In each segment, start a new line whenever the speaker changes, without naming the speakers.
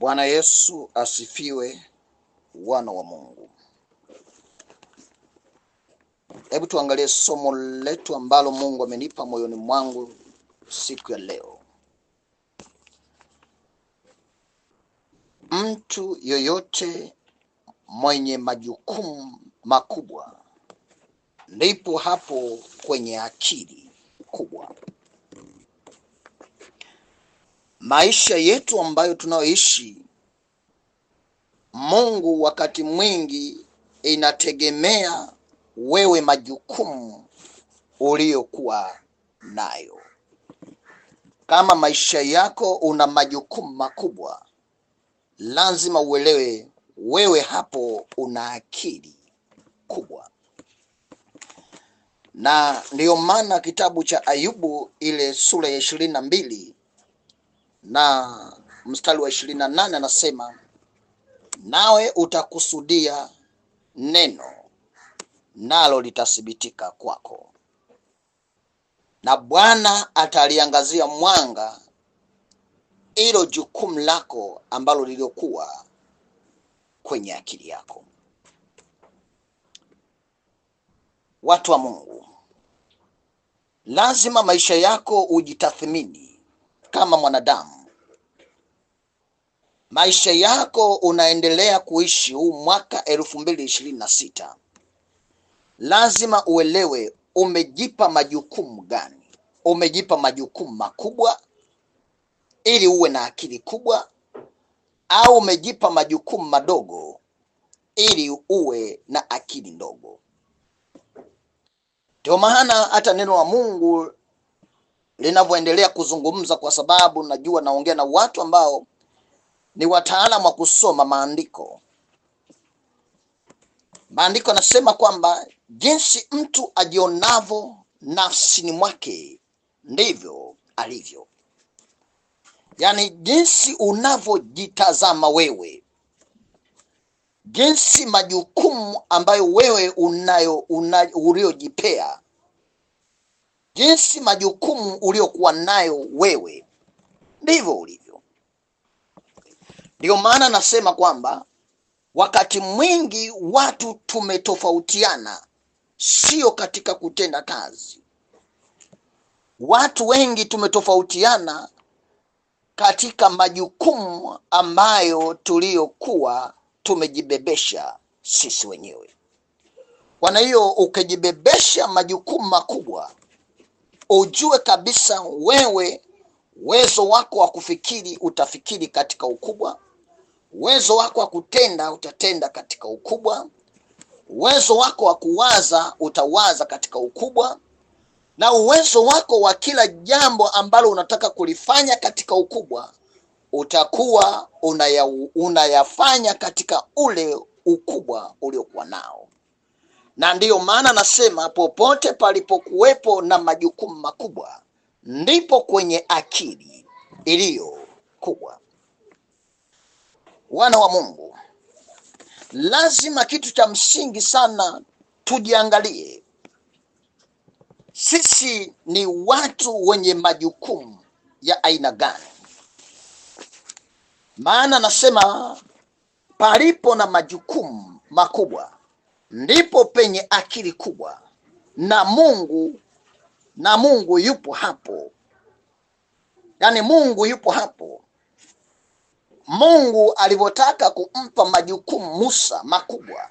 Bwana Yesu asifiwe, wana wa Mungu. Hebu tuangalie somo letu ambalo Mungu amenipa moyoni mwangu siku ya leo. Mtu yoyote mwenye majukumu makubwa ndipo hapo kwenye akili kubwa maisha yetu ambayo tunayoishi, Mungu wakati mwingi inategemea wewe, majukumu uliyokuwa nayo. Kama maisha yako una majukumu makubwa, lazima uelewe wewe hapo una akili kubwa, na ndiyo maana kitabu cha Ayubu ile sura ya ishirini na mbili na mstari wa ishirini na nane anasema nawe utakusudia neno nalo litathibitika kwako, na Bwana ataliangazia mwanga ilo jukumu lako ambalo liliokuwa kwenye akili yako. Watu wa Mungu, lazima maisha yako ujitathmini kama mwanadamu. Maisha yako unaendelea kuishi huu mwaka elfu mbili ishirini na sita, lazima uelewe umejipa majukumu gani. Umejipa majukumu makubwa ili uwe na akili kubwa, au umejipa majukumu madogo ili uwe na akili ndogo? Ndio maana hata neno wa Mungu linavyoendelea kuzungumza, kwa sababu najua naongea na watu ambao ni wataalamu wa kusoma maandiko. Maandiko anasema kwamba jinsi mtu ajionavyo nafsini mwake ndivyo alivyo, yaani jinsi unavyojitazama wewe, jinsi majukumu ambayo wewe unayo, unayo uliojipea Jinsi majukumu uliokuwa nayo wewe ndivyo ulivyo. Ndiyo maana nasema kwamba wakati mwingi watu tumetofautiana, sio katika kutenda kazi. Watu wengi tumetofautiana katika majukumu ambayo tuliyokuwa tumejibebesha sisi wenyewe. Kwa hiyo ukijibebesha majukumu makubwa ujue kabisa wewe uwezo wako wa kufikiri utafikiri katika ukubwa, uwezo wako wa kutenda utatenda katika ukubwa, uwezo wako wa kuwaza utawaza katika ukubwa, na uwezo wako wa kila jambo ambalo unataka kulifanya katika ukubwa utakuwa unaya, unayafanya katika ule ukubwa uliokuwa nao na ndiyo maana nasema popote palipokuwepo na majukumu makubwa ndipo kwenye akili iliyo kubwa. Wana wa Mungu, lazima kitu cha msingi sana tujiangalie, sisi ni watu wenye majukumu ya aina gani? Maana nasema palipo na majukumu makubwa ndipo penye akili kubwa, na Mungu na Mungu yupo hapo, yaani Mungu yupo hapo. Mungu alivyotaka kumpa majukumu Musa makubwa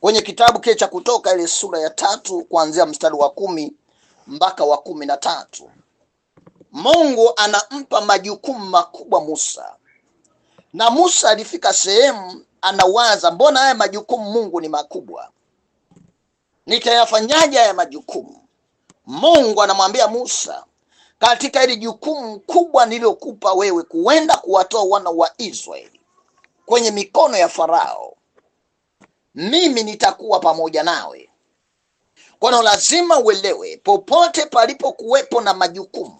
kwenye kitabu kile cha Kutoka ile sura ya tatu kuanzia mstari wa kumi mpaka wa kumi na tatu Mungu anampa majukumu makubwa Musa, na Musa alifika sehemu anawaza, mbona haya majukumu Mungu ni makubwa, nitayafanyaje haya majukumu? Mungu anamwambia Musa, katika hili jukumu kubwa nililokupa wewe, kuenda kuwatoa wana wa Israeli kwenye mikono ya Farao, mimi nitakuwa pamoja nawe. Kwano lazima uelewe, popote palipokuwepo na majukumu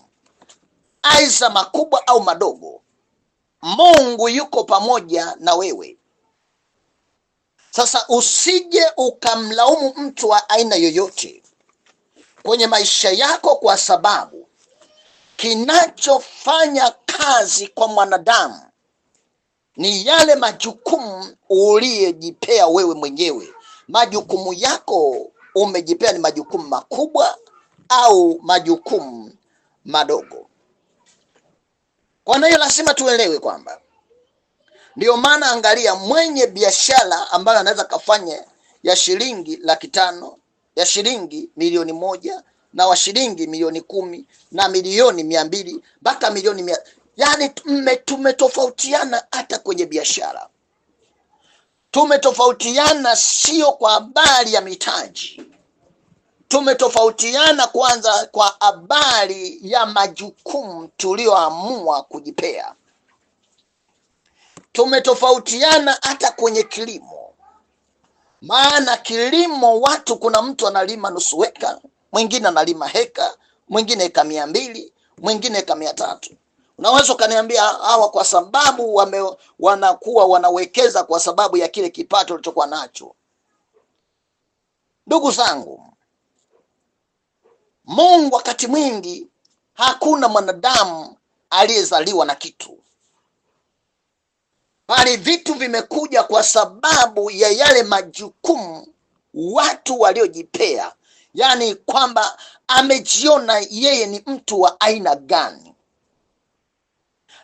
aidha makubwa au madogo, Mungu yuko pamoja na wewe. Sasa usije ukamlaumu mtu wa aina yoyote kwenye maisha yako, kwa sababu kinachofanya kazi kwa mwanadamu ni yale majukumu uliyejipea wewe mwenyewe. Majukumu yako umejipea ni majukumu makubwa au majukumu madogo? Kwa hiyo lazima tuelewe kwamba Ndiyo maana angalia, mwenye biashara ambayo anaweza kafanya ya shilingi laki tano ya shilingi milioni moja na wa shilingi milioni kumi na milioni mia mbili mpaka milioni mia yani, tumetofautiana hata kwenye biashara tumetofautiana, sio kwa habari ya mitaji, tumetofautiana kwanza kwa habari ya majukumu tulioamua kujipea tumetofautiana hata kwenye kilimo, maana kilimo watu, kuna mtu analima nusu weka mwingine analima heka, mwingine eka mia mbili, mwingine heka mia tatu. Unaweza ukaniambia hawa, kwa sababu wame, wanakuwa wanawekeza kwa sababu ya kile kipato ulichokuwa nacho. Ndugu zangu, Mungu wakati mwingi hakuna mwanadamu aliyezaliwa na kitu bali vitu vimekuja kwa sababu ya yale majukumu watu waliojipea, yaani kwamba amejiona yeye ni mtu wa aina gani.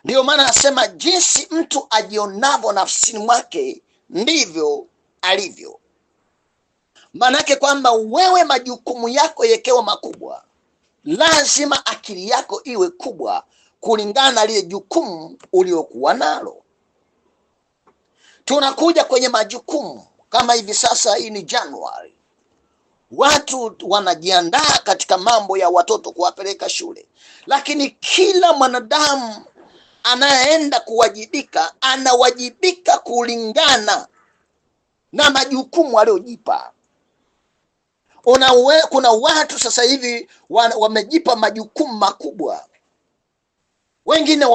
Ndiyo maana anasema jinsi mtu ajionavyo nafsini mwake ndivyo alivyo. Maanake kwamba wewe, majukumu yako yekewa makubwa, lazima akili yako iwe kubwa kulingana na lile jukumu uliokuwa nalo. Tunakuja kwenye majukumu kama hivi sasa, hii ni Januari, watu wanajiandaa katika mambo ya watoto kuwapeleka shule, lakini kila mwanadamu anayeenda kuwajibika anawajibika kulingana na majukumu aliyojipa. Kuna watu sasa hivi wamejipa majukumu makubwa, wengine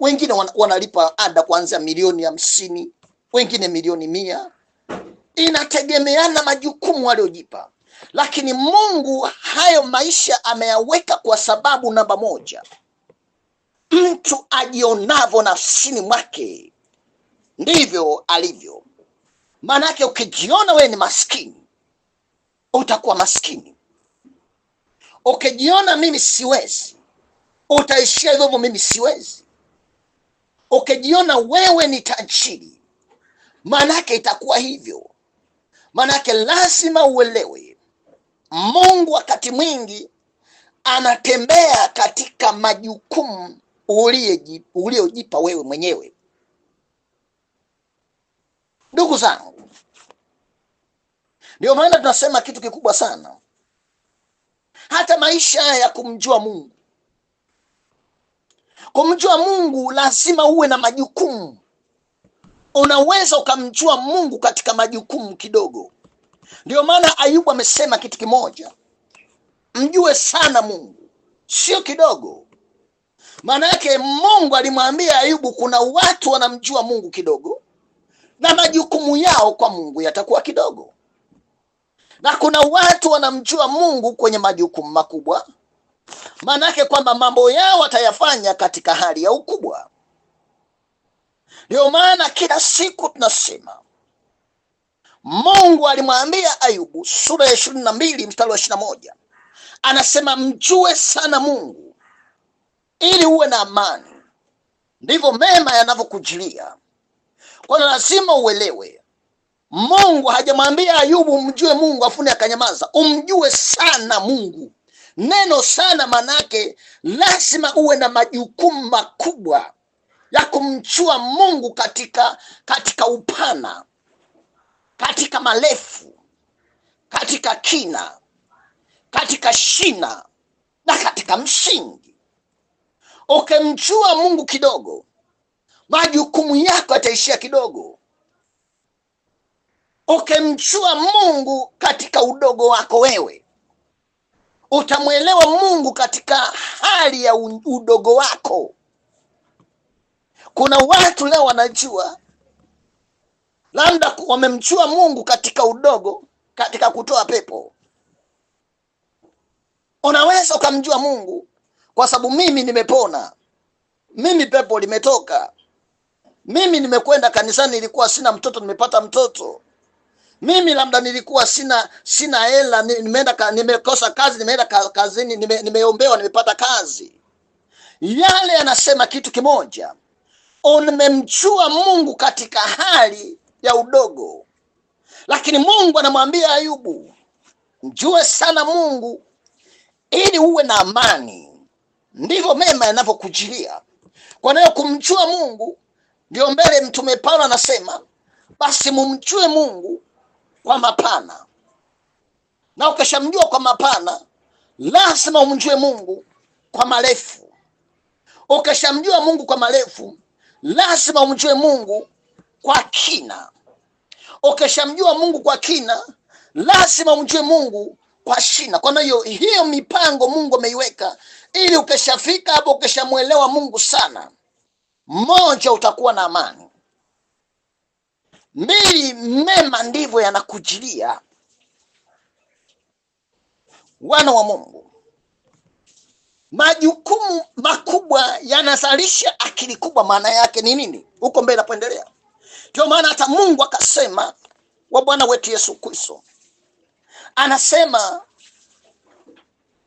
wengine wanalipa ada kuanzia milioni hamsini wengine milioni mia. Inategemeana majukumu waliojipa lakini Mungu hayo maisha ameyaweka kwa sababu namba moja, mtu ajionavyo nafsini mwake ndivyo alivyo. Maanake ukijiona wewe ni maskini utakuwa maskini, ukijiona mimi siwezi utaishia hivyo hivyo, mimi siwezi. Ukijiona wewe ni tajiri maanake itakuwa hivyo. Maanake lazima uelewe, Mungu wakati mwingi anatembea katika majukumu uliojipa wewe mwenyewe. Ndugu zangu, ndio maana tunasema kitu kikubwa sana. Hata maisha ya kumjua Mungu, kumjua Mungu lazima uwe na majukumu unaweza ukamjua Mungu katika majukumu kidogo. Ndio maana Ayubu amesema kitu kimoja, mjue sana Mungu, sio kidogo. Maana yake Mungu alimwambia Ayubu, kuna watu wanamjua Mungu kidogo na majukumu yao kwa Mungu yatakuwa kidogo, na kuna watu wanamjua Mungu kwenye majukumu makubwa, maana yake kwamba mambo yao watayafanya katika hali ya ukubwa. Ndiyo maana kila siku tunasema Mungu alimwambia Ayubu sura ya ishirini na mbili mstari wa ishirini na moja anasema mjue sana Mungu ili uwe na amani, ndivyo mema yanavyokujilia. Kwa hiyo lazima uelewe, Mungu hajamwambia Ayubu mjue Mungu afune akanyamaza. Umjue sana Mungu. Neno sana maanake lazima uwe na majukumu makubwa la kumchua Mungu katika, katika upana, katika marefu, katika kina, katika shina na katika msingi. ukemchua Mungu kidogo, majukumu yako yataishia kidogo. ukemchua Mungu katika udogo wako wewe utamwelewa Mungu katika hali ya udogo wako. Kuna watu leo wanajua labda wamemchua Mungu katika udogo, katika kutoa pepo. Unaweza ukamjua Mungu kwa sababu mimi nimepona, mimi pepo limetoka, mimi nimekwenda kanisani, nilikuwa sina mtoto, nimepata mtoto mimi labda nilikuwa sina sina hela, nimeenda nimekosa kazi, nimeenda kazini, nime, nimeombewa, nimepata kazi. Yale yanasema kitu kimoja umemchua Mungu katika hali ya udogo, lakini Mungu anamwambia Ayubu, mjue sana Mungu ili uwe na amani, ndivyo mema yanavyokujilia. Kwa nayo kumchua Mungu ndio mbele. Mtume Paulo anasema basi mumchue Mungu kwa mapana, na ukishamjua kwa mapana, lazima umjue Mungu kwa marefu. Ukishamjua Mungu kwa marefu lazima umjue Mungu kwa kina. Ukishamjua Mungu kwa kina, lazima umjue Mungu kwa shina. Kwa hiyo hiyo mipango Mungu ameiweka ili ukishafika hapo, ukishamwelewa Mungu sana, moja, utakuwa na amani; mbili, mema ndivyo yanakujilia. Wana wa Mungu, majukumu makubwa yanazalisha akili kubwa. Maana yake ni nini? Huko mbele napoendelea, ndio maana hata Mungu akasema wa Bwana wetu Yesu Kristo anasema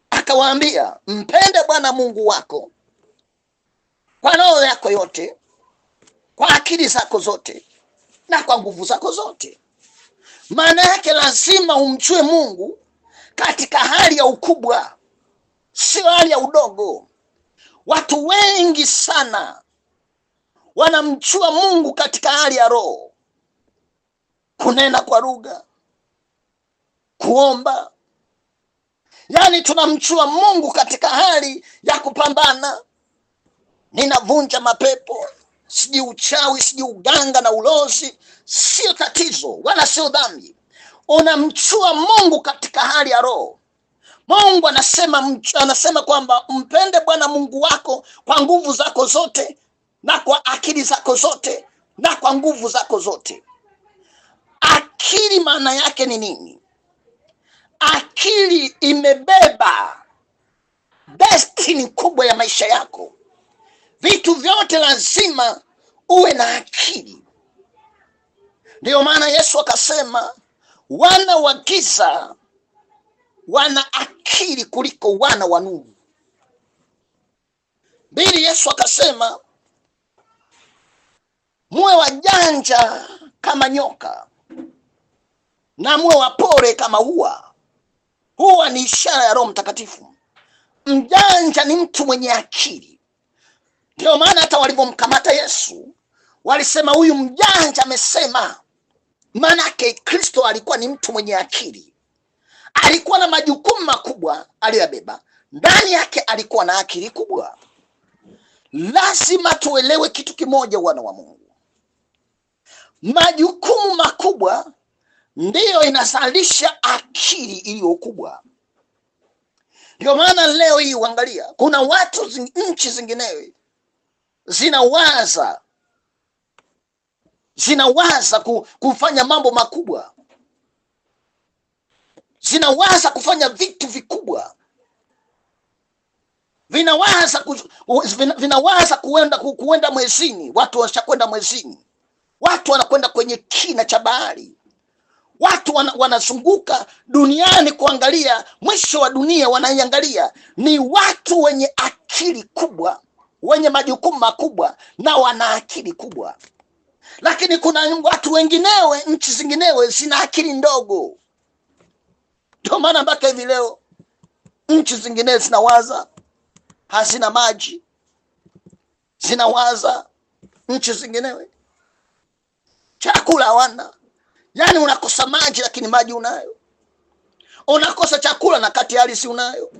akawaambia, mpende Bwana Mungu wako kwa roho yako yote, kwa akili zako zote, na kwa nguvu zako zote. Maana yake lazima umchue Mungu katika hali ya ukubwa sio hali ya udogo. Watu wengi sana wanamchua Mungu katika hali ya roho, kunena kwa lugha, kuomba. Yaani tunamchua Mungu katika hali ya kupambana, ninavunja mapepo, sijui uchawi, sijui uganga na ulozi. Sio tatizo wala sio dhambi, unamchua Mungu katika hali ya roho Mungu anasema, anasema kwamba mpende Bwana Mungu wako kwa nguvu zako zote na kwa akili zako zote na kwa nguvu zako zote. Akili maana yake ni nini? Akili imebeba destini kubwa ya maisha yako. Vitu vyote lazima uwe na akili. Ndiyo maana Yesu akasema wana wa giza wana akili kuliko wana wa nuru. Mbili, Yesu akasema muwe wajanja kama nyoka na muwe wapore kama ua. Huwa ni ishara ya Roho Mtakatifu. Mjanja ni mtu mwenye akili. Ndio maana hata walivyomkamata Yesu walisema huyu mjanja amesema. Maanake Kristo alikuwa ni mtu mwenye akili alikuwa na majukumu makubwa aliyoyabeba, ndani yake alikuwa na akili kubwa. Lazima tuelewe kitu kimoja, wana wa Mungu, majukumu makubwa ndiyo inazalisha akili iliyo kubwa. Ndio maana leo hii uangalia, kuna watu zing, nchi zinginewe zinawaza zinawaza ku, kufanya mambo makubwa zinawaza kufanya vitu vikubwa, vinawaza ku, vinawaza kuenda, kuenda mwezini. Watu washakwenda mwezini, watu wanakwenda kwenye kina cha bahari, watu wana, wanazunguka duniani kuangalia mwisho wa dunia. Wanaiangalia ni watu wenye akili kubwa, wenye majukumu makubwa na wana akili kubwa, lakini kuna watu wenginewe, nchi zinginewe zina akili ndogo ndio maana mpaka hivi leo nchi zingine zinawaza hazina maji, zinawaza nchi zinginewe chakula hawana. Yaani unakosa maji lakini maji unayo, unakosa chakula na kati hali si unayo,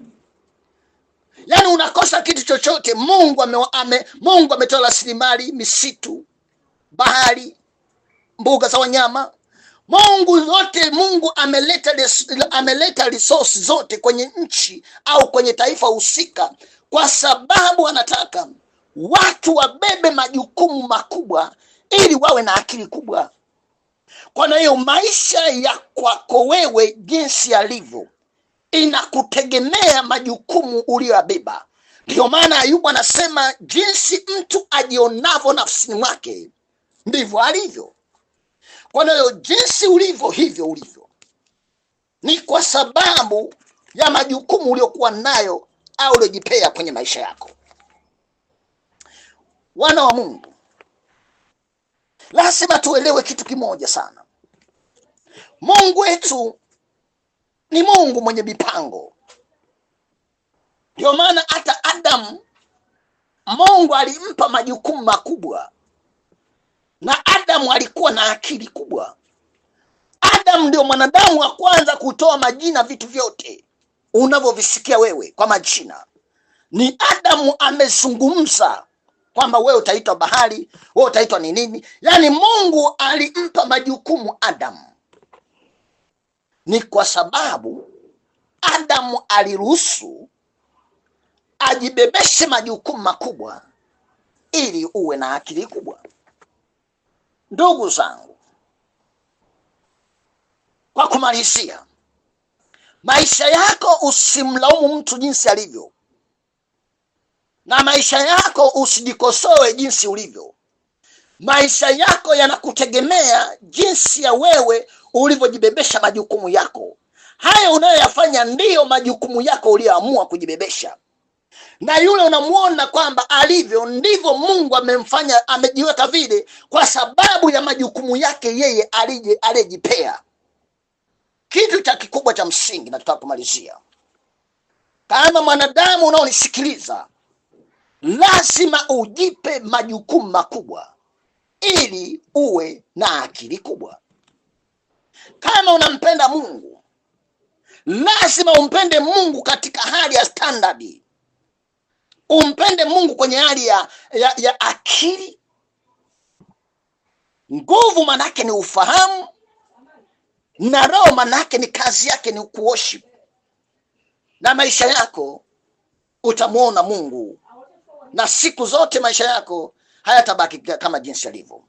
yaani unakosa kitu chochote. Mungu ame, ame, Mungu ametoa rasilimali, misitu, bahari, mbuga za wanyama Mungu zote, Mungu ameleta ameleta resource zote kwenye nchi au kwenye taifa husika, kwa sababu anataka watu wabebe majukumu makubwa ili wawe na akili kubwa. Kwa hiyo maisha ya kwako wewe jinsi yalivyo inakutegemea majukumu uliyoyabeba. Ndiyo maana Ayubu anasema jinsi mtu ajionavyo nafsini mwake ndivyo alivyo. Kwa hiyo jinsi ulivyo hivyo ulivyo, ni kwa sababu ya majukumu uliokuwa nayo au uliojipea kwenye maisha yako. Wana wa Mungu, lazima tuelewe kitu kimoja sana. Mungu wetu ni Mungu mwenye mipango. Ndio maana hata Adamu Mungu alimpa majukumu makubwa na Adamu alikuwa na akili kubwa. Adamu ndio mwanadamu wa kwanza kutoa majina vitu vyote unavyovisikia wewe kwa majina. Ni Adamu amezungumza kwamba wewe utaitwa bahari, wewe utaitwa ni nini. Yaani Mungu alimpa majukumu Adamu. Ni kwa sababu Adamu aliruhusu ajibebeshe majukumu makubwa ili uwe na akili kubwa. Ndugu zangu, kwa kumalizia, maisha yako usimlaumu mtu jinsi alivyo, na maisha yako usijikosoe jinsi ulivyo. Maisha yako yanakutegemea jinsi ya wewe ulivyojibebesha majukumu yako. Hayo unayoyafanya ndiyo majukumu yako uliyoamua kujibebesha na yule unamwona kwamba alivyo ndivyo Mungu amemfanya amejiweka vile kwa sababu ya majukumu yake yeye alije aliyejipea. Kitu cha kikubwa cha msingi, na tutapomalizia, kama mwanadamu unaonisikiliza, lazima ujipe majukumu makubwa ili uwe na akili kubwa. Kama unampenda Mungu, lazima umpende Mungu katika hali ya standardi umpende Mungu kwenye hali ya, ya, ya akili. Nguvu manake ni ufahamu, na roho manake ni kazi yake ni kuoshi, na maisha yako utamwona Mungu, na siku zote maisha yako hayatabaki kama jinsi yalivyo.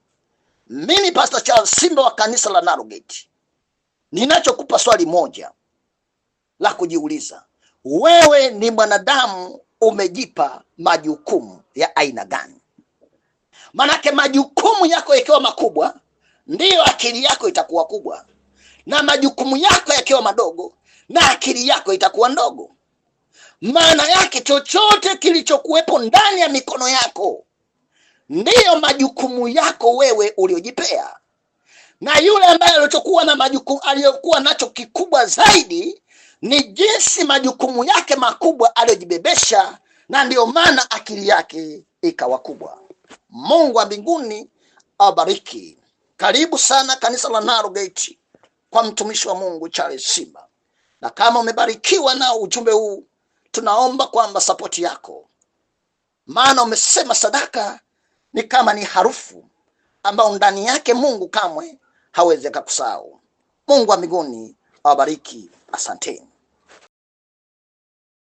Mimi Pastor Charles Simba wa kanisa la Narogate, ninachokupa swali moja la kujiuliza, wewe ni mwanadamu umejipa majukumu ya aina gani? Manake majukumu yako yakiwa makubwa, ndiyo akili yako itakuwa kubwa, na majukumu yako yakiwa madogo, na akili yako itakuwa ndogo. Maana yake chochote kilichokuwepo ndani ya mikono yako ndiyo majukumu yako wewe uliojipea, na yule ambaye alichokuwa na majukumu aliyokuwa nacho kikubwa zaidi ni jinsi majukumu yake makubwa aliyojibebesha, na ndiyo maana akili yake ikawa kubwa. Mungu wa mbinguni awabariki. Karibu sana kanisa la Narrowgate kwa mtumishi wa Mungu Charles Simba, na kama umebarikiwa na ujumbe huu, tunaomba kwamba sapoti yako, maana umesema sadaka ni kama ni harufu ambayo ndani yake Mungu kamwe hawezi akakusahau. Mungu wa mbinguni awabariki. Asanteni.